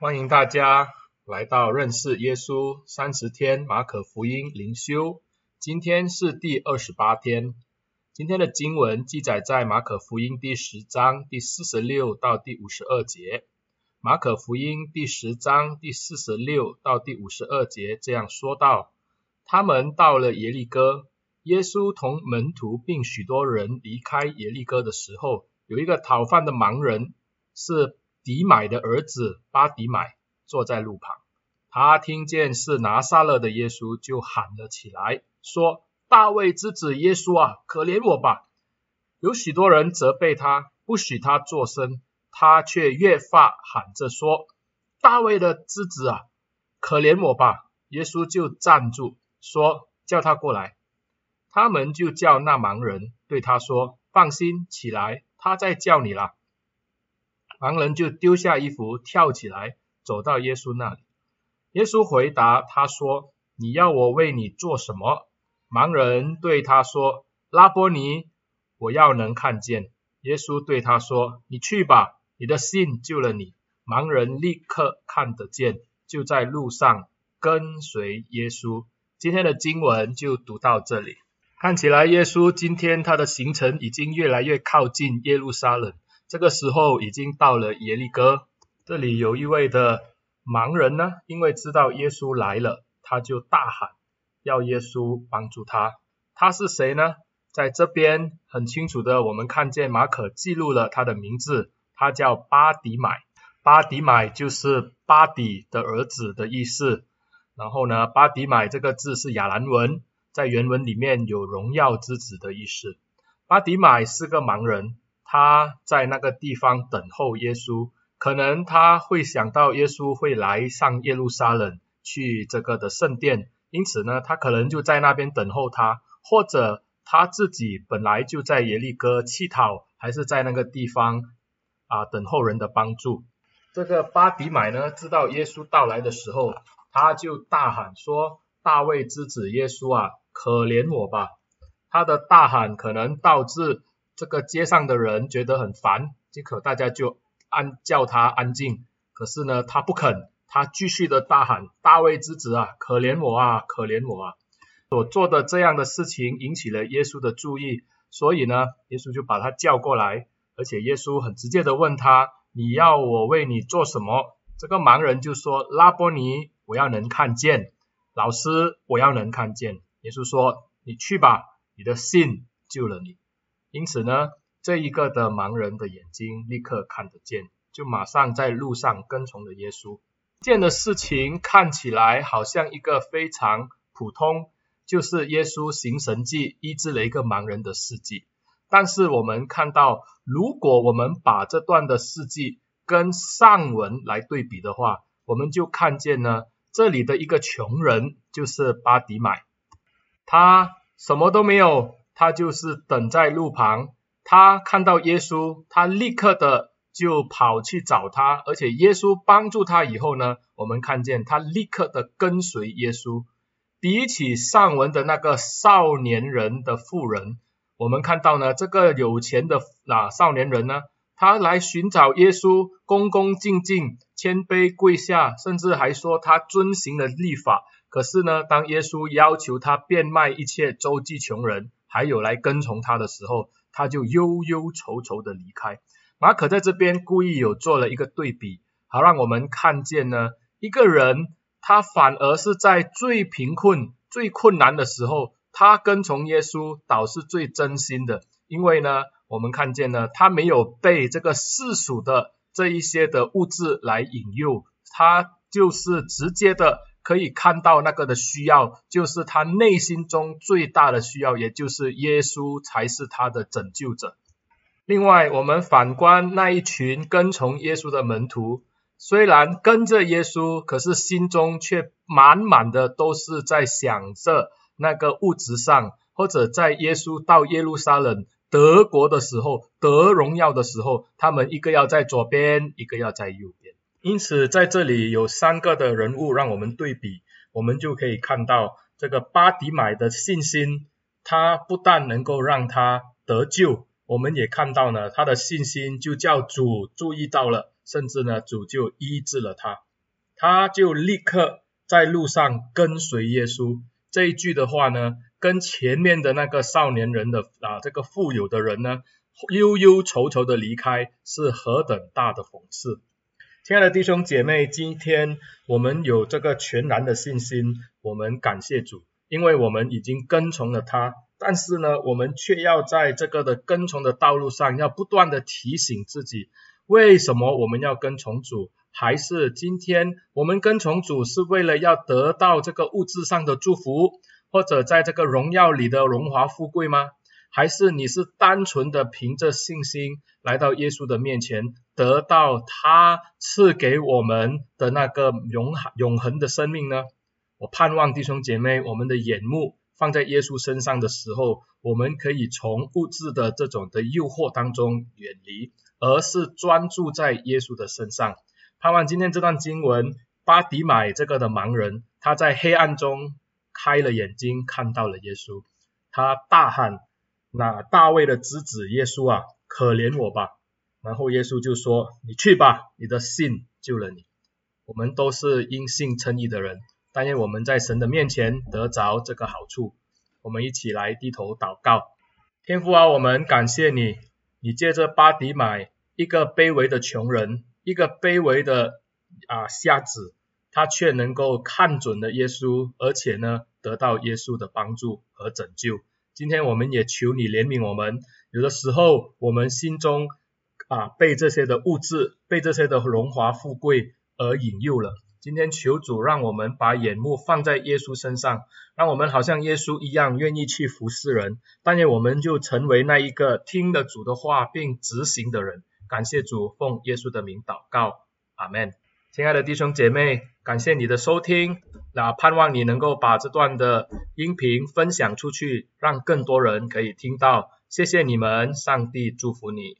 歡迎大家來到認識耶穌三十天馬可福音靈修，今天是第二十八天。今天的經文記載在馬可福音第十章第四十六到第五十二節。馬可福音第十章第四十六到第五十二節這樣說道：他們到了耶利哥，耶穌同門徒並許多人離開耶利哥的時候，有一個討飯的盲人是。底買的兒子巴底買坐在路旁，他聽見是拿撒勒的耶穌，就喊了起來，說：“大衛之子耶穌啊，可憐我吧！”有許多人責備他，不許他作聲，他卻越發喊着說：“大衛的之子啊，可憐我吧！”耶穌就站住，說：“叫他過來。”他們就叫那盲人對他說：“放心起來，他在叫你啦。”盲人就丟下衣服，跳起來，走到耶穌那裡。耶穌回答他說：“你要我為你做什麼？”盲人對他說：“拉波尼，我要能看見。”耶穌對他說：“你去吧，你的信救了你。”盲人立刻看得見，就在路上跟隨耶穌。今天的經文就讀到這裡。看起來，耶穌今天他的行程已經越來越靠近耶路撒冷。這個時候已經到了耶利哥，這裡有一位的盲人呢，因為知道耶穌來了，他就大喊要耶穌幫助他。他是誰呢？在這邊很清楚的，我們看見馬可記錄了他的名字，他叫巴底買。巴底買就是巴底的兒子的意思。然後呢，巴底買這個字是亞蘭文，在原文裡面有榮耀之子的意思。巴底買是個盲人。他在那個地方等候耶穌，可能他會想到耶穌會來上耶路撒冷去這個的聖殿，因此呢，他可能就在那邊等候他，或者他自己本來就在耶利哥乞討，還是在那個地方啊等候人的幫助。這個巴底買呢，知道耶穌到來的時候，他就大喊說：“大衛之子耶穌啊，可憐我吧！”他的大喊可能導致。這個街上的人覺得很煩，即可大家就安叫他安靜。可是呢，他不肯，他繼續的大喊：“大衛之子啊，可憐我啊，可憐我啊！”我做的這樣的事情引起了耶穌的注意，所以呢，耶穌就把他叫過來，而且耶穌很直接的問他：“你要我為你做什麼？”這個盲人就說：“拉波尼，我要能看見。”老師，我要能看見。耶穌說：“你去吧，你的信救了你。”因此呢，這一個的盲人的眼睛立刻看得見，就馬上在路上跟從了耶穌。見的事情看起來好像一個非常普通，就是耶穌行神跡，醫治了一個盲人的事跡。但是我們看到，如果我們把這段的事跡跟上文來對比的話，我們就看見呢，這裡的一個窮人就是巴底買，他什麼都沒有。他就是等在路旁，他看到耶穌，他立刻的就跑去找他，而且耶穌幫助他以後呢，我們看見他立刻的跟隨耶穌。比起上文的那個少年人的富人，我們看到呢，這個有錢的那、啊、少年人呢，他來尋找耶穌，恭恭敬敬、謙卑跪下，甚至還說他遵行了律法。可是呢，當耶穌要求他變賣一切，周濟窮人。還有來跟從他的時候，他就憂憂愁愁的離開。馬可在這邊故意有做了一個對比，好讓我們看見呢，一個人他反而是在最貧困、最困難的時候，他跟從耶穌，倒是最真心的。因為呢，我們看見呢，他沒有被這個世俗的這一些的物質來引誘，他就是直接的。可以看到那個的需要，就是他內心中最大的需要，也就是耶穌才是他的拯救者。另外，我們反觀那一群跟從耶穌的門徒，雖然跟着耶穌，可是心中卻滿滿的都是在想着那個物質上，或者在耶穌到耶路撒冷，得國的時候，得榮耀的時候，他們一個要在左邊，一個要在右。因此，在這裡有三個的人物讓我們對比，我們就可以看到這個巴底買的信心，他不但能夠讓他得救，我們也看到呢，他的信心就叫主注意到了，甚至呢，主就醫治了他，他就立刻在路上跟隨耶穌。這一句的話呢，跟前面的那個少年人的啊，這個富有的人呢，憂憂愁愁的離開，是何等大的諷刺。親愛的弟兄姐妹，今天我們有這個全然的信心，我們感謝主，因為我們已經跟從了他。但是呢，我們卻要在這個的跟從的道路上，要不斷的提醒自己，為什麼我們要跟從主？還是今天我們跟從主是為了要得到這個物質上的祝福，或者在這個榮耀裡的榮華富貴嗎？還是你是單純的憑着信心來到耶穌的面前，得到他賜給我們的那個永恆永恆的生命呢？我盼望弟兄姐妹，我們的眼目放在耶穌身上的時候，我們可以從物質的這種的誘惑當中遠離，而是專注在耶穌的身上。盼望今天這段經文，巴底買這個的盲人，他在黑暗中開了眼睛，看到了耶穌，他大喊，那大衛的子孫耶穌啊，可憐我吧。然後耶穌就說：“你去吧，你的信救了你。我們都是因信稱義的人，但願我們在神的面前得着這個好處。我們一起來低頭禱告，天父啊，我們感謝你，你借着巴底買一個卑微的窮人，一個卑微的啊瞎子，他卻能夠看準了耶穌，而且呢，得到耶穌的幫助和拯救。”今天我們也求你憐憫我們，有的時候我們心中啊被這些的物質、被這些的榮華富貴而引誘了。今天求主讓我們把眼目放在耶穌身上，讓我們好像耶穌一樣願意去服侍人，但願我們就成為那一個聽了主的話並執行的人。感謝主，奉耶穌的名禱告，阿門。親愛的弟兄姐妹，感謝你的收聽。那盼望你能夠把這段的音頻分享出去，讓更多人可以聽到。謝謝你們，上帝祝福你。